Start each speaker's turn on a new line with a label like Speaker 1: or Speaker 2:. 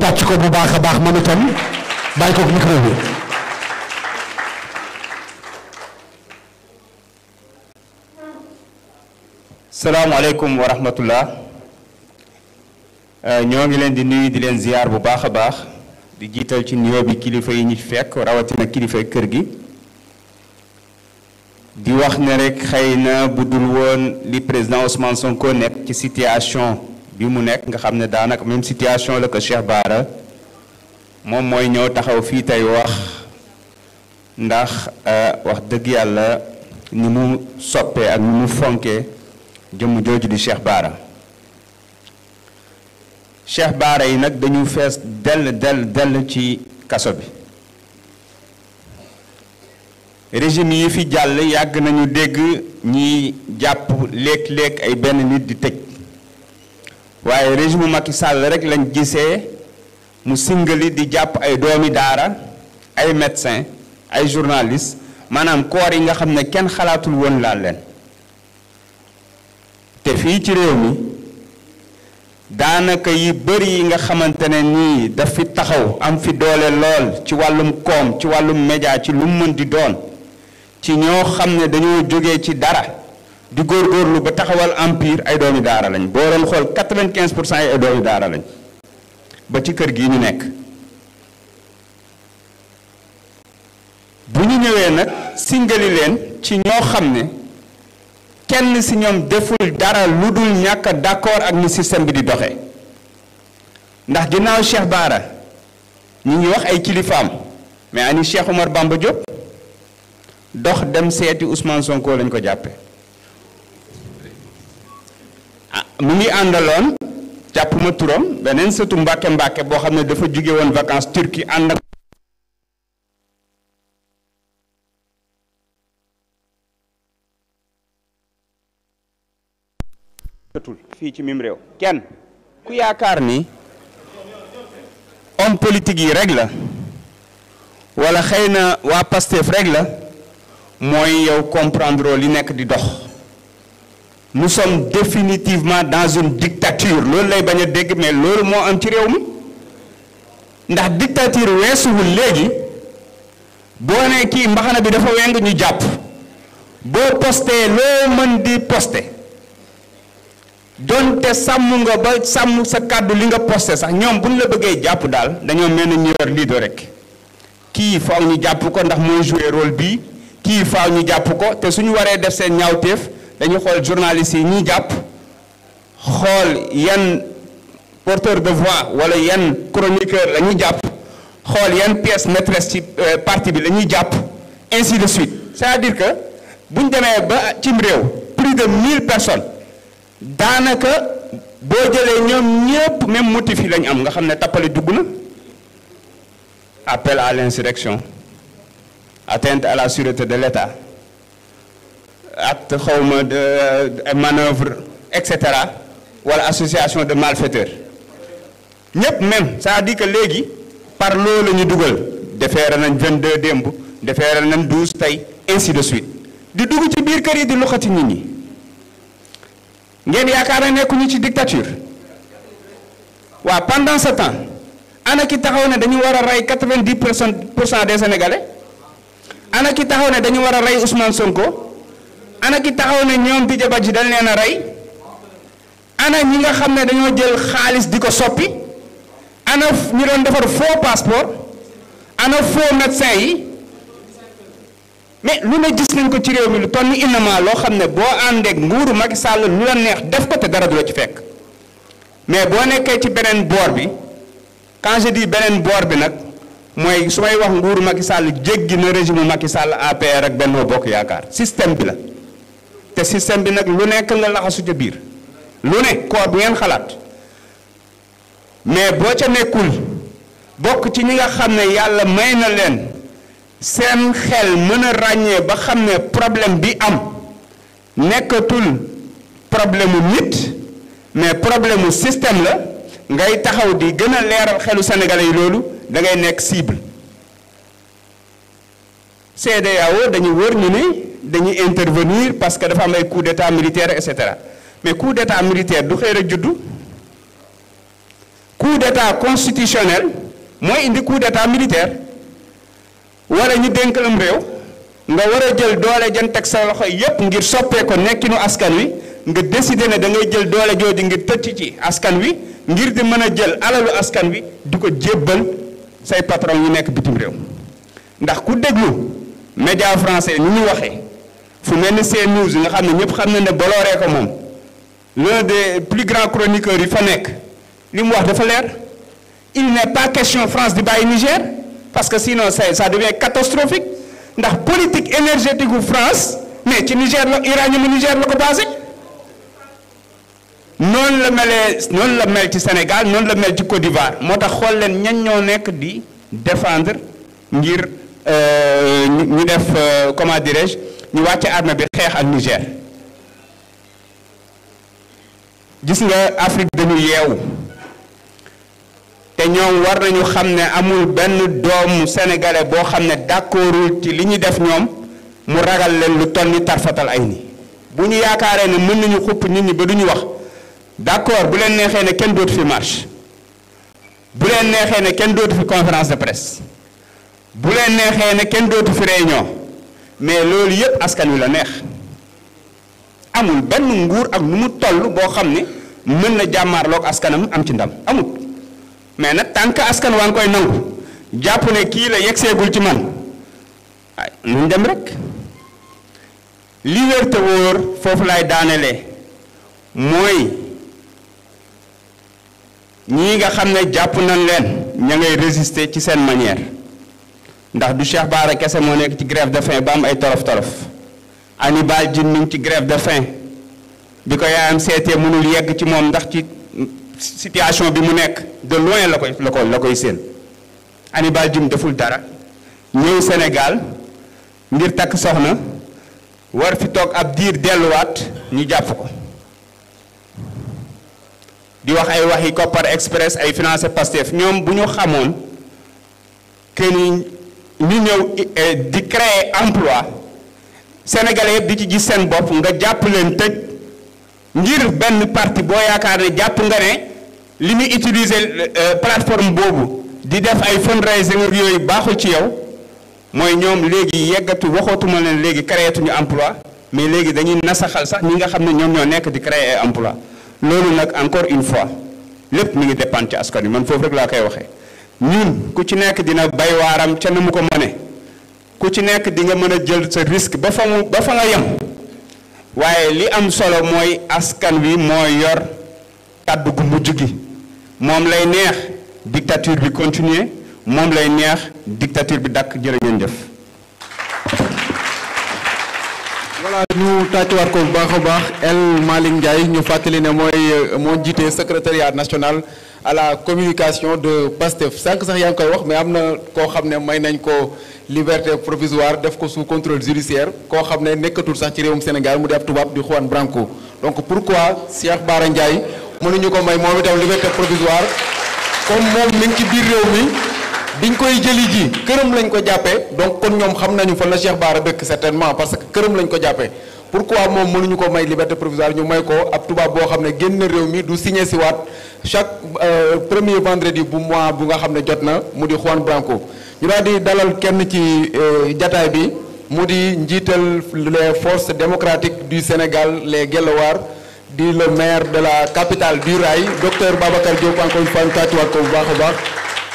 Speaker 1: tàcc ko bu baax baax moom itam
Speaker 2: bàyyi ko micro euh, ñoo ngi leen di nuyu di leen ziyaar bu baax a baax di jiital ci nuyoo bi kilifa yi ñu fekk rawatina kilifa kër gi di wax na rek xëy na bu dul woon li président Ousmane Sonko nekk ci situation bi mu nekk nga xam ne daanaka même situation la ko Cheikh baara moom mooy ñëw taxaw fii tey wax ndax euh, wax dëgg yàlla ni mu soppee ak ni mu fonkee jëmm jooju di Cheikh Bara Cheikh baara yi nag dañu fees dell dell dell ci kaso bi régime yi fi jàll yàgg nañu dégg ñiy jàpp léeg-léeg ay benn nit di tëj waaye régime Macky Sall rek lañ gisee mu singali di jàpp ay doomi daara ay médecin ay journaliste maanaam koor yi nga xam ne kenn xalaatul woon laal leen te fii ci réew mi daanaka yi bëri yi nga xamante ne nii daf fi taxaw am fi doole lool ci wàllum koom ci wàllum média ci lu mu mën di doon ci ñoo xam ne dañoo jóge ci dara di góorgóorlu ba taxawal empire ay doomi daara lañ boo doon xool quatre-vingt-quinze pour cent ay doomi daara lañ ba ci kër gi ñu nekk bu ñu ñëwee nag singali leen ci ñoo xam ne kenn si ñoom deful dara lu dul ñàkk a ak ni système bi di doxe ndax ginnaaw Cheikh Baara ñu ngi wax ay kilifaam mais ani Cheikh Omar Bamba Diop dox dem seeti Ousmane Sonko lañ ko jàppe mu ngi àndaloon jàpp ma turam beneen sëtu Mbàkke Mbàkke boo xam ne dafa jóge woon vacances turki ànd ak fii ci mim réew kenn ku yaakaar ni homme politique yi rek la wala xëy na waa Pastef rek la mooy yow comprendre li nekk di dox mu sommes définitivement dans une dictature loolu lay bañ a dégg mais loolu moo am ci réew mi ndax dictature weesuwul léegi boo ne kii mbaxana bi dafa weng ñu jàpp boo postee loo mën di poste donte sàmm nga ba sàmm sa kàddu li nga posté sax ñoom bu ñu la bëggee jàpp daal dañoo mel ni ñu yor lii do rek kii faaw ñu jàpp ko ndax mooy jouer rôle bii kii faaw ñu jàpp ko te suñu waree def seen ñaawteef dañuy xool journalistes yi ñuy jàpp xool yan porteur de voix wala yan chroniqueur la ñuy jàpp xool yan pièce maîtresse ci euh, parti bi la ñuy jàpp ainsi de suite c'est-à-dire que bu ñu demee ba cim réew plus de 1000 personnes daanaka boo jëlee ñoom ñëpp même motif yi la ñu am nga xam ne tappale dugg na appel à l'insurrection atteinte à la sûreté de l'État acte xawma de manœuvre et cetera wala association de malfaiteurs ñëpp même cest à léegi par loolu la ñu dugal defeere nañ 22 démb defeere nañ 12 tey ainsi de suite di dugg ci biir kër yi di loxati nit ñi ngeen yaakaar na nekkuñu ci dictature waa pendant ce temps ana ki taxaw ne dañu war a rey 90 pour cent des sénégalais ana ki taxaw ne dañu war a rey Ousmane Sonko. ana ki taxaw ne ñoom Dj ji dañ leen a rey ana ñi nga xam ne dañoo jël xaalis di ko soppi ana ñi doon defar faux passeport ana faux médecin yi mais lu ne gis nañ ko ci réew mi lu ton ni innama loo xam ne boo àndeek nguuru Macky Sall lu la neex def ko te dara du la ci fekk mais boo nekkee ci beneen boor bi quand di beneen boor bi nag mooy su may wax nguuru Macky Sall jéggi na régime Macky Sall APR ak benn Benno Bokk Yaakaar système bi la. te système bi nag lu nekk nga laxasu ca biir lu ne corps bu ngeen xalaat mais boo ca nekkul bokk ci ñi nga xam ne yàlla may na leen seen xel mën a ràññee ba xam ne problème bi am nekkatul problème mu nit mais problème mu système la ngay taxaw di gën a leeral xelu Sénégalais yi loolu da ngay nekk cible. CEDEAO dañu wër ñu ni dañuy intervenir parce que dafa am ay coup d'état militaire et cetera mais coup d'état militaire du xeer a juddu coup d'état constitutionnel mooy indi coup d'état militaire war a ñu dénk am réew nga war a jël doole jën teg sa loxo yépp ngir soppee ko nekkinu askan wi nga décider ne da ngay jël doole jooju ngir tëcc ci askan wi ngir di mën a jël alalu askan wi di ko jébbal say patron yu nekk bitim réew ndax ku déglu média français ni ñu waxee fu mel ni CNews nga xam ne ñëpp xam na ne Bolloré ko moom l'un des plus grands chroniqueurs yi fa nekk li mu wax dafa leer il n'est pas question France di bàyyi Niger parce que sinon ça ça devient catastrophique ndax politique énergétique gu France mais ci Niger la uranium Niger la ko basé noonu la melee noonu la mel ci Sénégal noonu la mel ci Côte d'Ivoire moo tax xool leen ñan ñoo nekk di défendre ngir. Euh, ñu def euh, comment dirais-je ñu wàcce armée bi xeex ak Niger gis nga Afrique dañu yeewu te ñoom war nañu xam ne amul benn doom sénégalais boo xam ne d'accordul ci li ñuy def ñoom mu ragal leen lu toll ni tarfatal ay ni bu ñu yaakaaree ne mën nañu xupp nit ñi ba duñu wax d'accord bu leen neexee ne kenn dootu fi marche bu leen neexee ne kenn dootu fi conférence de presse bu leen neexee ne kenn dootu fi ñoo mais loolu yépp askan wi la neex amul benn nguur ak lu mu toll boo xam ne mën na jàmmaarloog askanam am ci ndam amul mais nag tant que askan waa ngi koy nangu jàpp ne kii la yeggseegul ci man ay nuñ dem rek li wér wóor foofu lay daaneele mooy ñii nga xam ne jàpp nañ leen ña ngay résister ci seen manière ndax du Cheikh Baara kese moo nekk ci grève de faim ba am ay torof torof Hannibal Djim mi ngi ci grève de fin bi ko yaayam seetee mënul yegg ci moom ndax ci situation bi mu nekk de loin la koy la koy la koy séen Hannibal Djim deful dara ñëw Sénégal ngir takk soxna war fi toog ab diir delluwaat ñu jàpp ko di wax ay wax waxi Kopar Express ay financé Pastef ñoom bu ñu xamoon que ñu ñëw eh, di créer emploi sénégalais di ci gis seen bopp nga jàpp leen tëj ngir benn parti boo yaakaar ne jàpp nga ne li muy utiliser euh, plateforme boobu di def ay fundraising yooyu baaxul ci yow mooy ñoom léegi yeggatu waxootuma leen léegi créetuñu emploi mais léegi dañuy nasaxal sax ñi nga xam ne ñoom ñoo nekk di créer ay emploi loolu nag encore une fois lépp mi ngi dépendre ci askan wi man foofu rek laa koy waxee ñun ku ci nekk dina bay waaram ca na mu ko mëne ku ci nekk di nga mën a jël sa risque ba fa mu ba fa nga yem waaye li am solo mooy askan wi mooy yor kàddu gu mujj gi moom lay neex dictature bi continuer moom lay neex dictature bi dakk jërë ngeen jëf voilà ñu tàccuwaat ko bu baax a ñu fàttali ne mooy moo jiite secrétariat national à communication de Pastef sànq sax yaa ngi koy wax mais am na koo xam ne may nañ ko liberté provisoire def ko sous contrôle judiciaire koo xam ne nekkatul sax ci réewum Sénégal mu di ab tubaab di Juan Branco donc pourquoi Cheikh Bara Ndiaye mënuñu ko may moom itam liberté provisoire comme moom mi ngi ci biir réew mi biñ koy jëli ji këram lañ ko jàppee donc kon ñoom xam nañu fan la Cheikh Bara dëkk certainement parce que këram lañ ko jàppe pourquoi moom mënuñu ko may liberté provisoire ñu may ko ab tubaab boo xam ne génn réew mi du signé si waat chaque euh, premier vendredi bu mois bu nga xam ne jot na mu di Juan Branco ñu daal di dalal kenn ci euh, jataay bi mu di njiital les forces démocratiques du Sénégal les Guelwaar di le maire de la capitale du rail docteur Babacar Diop encore une fois bu baax a baax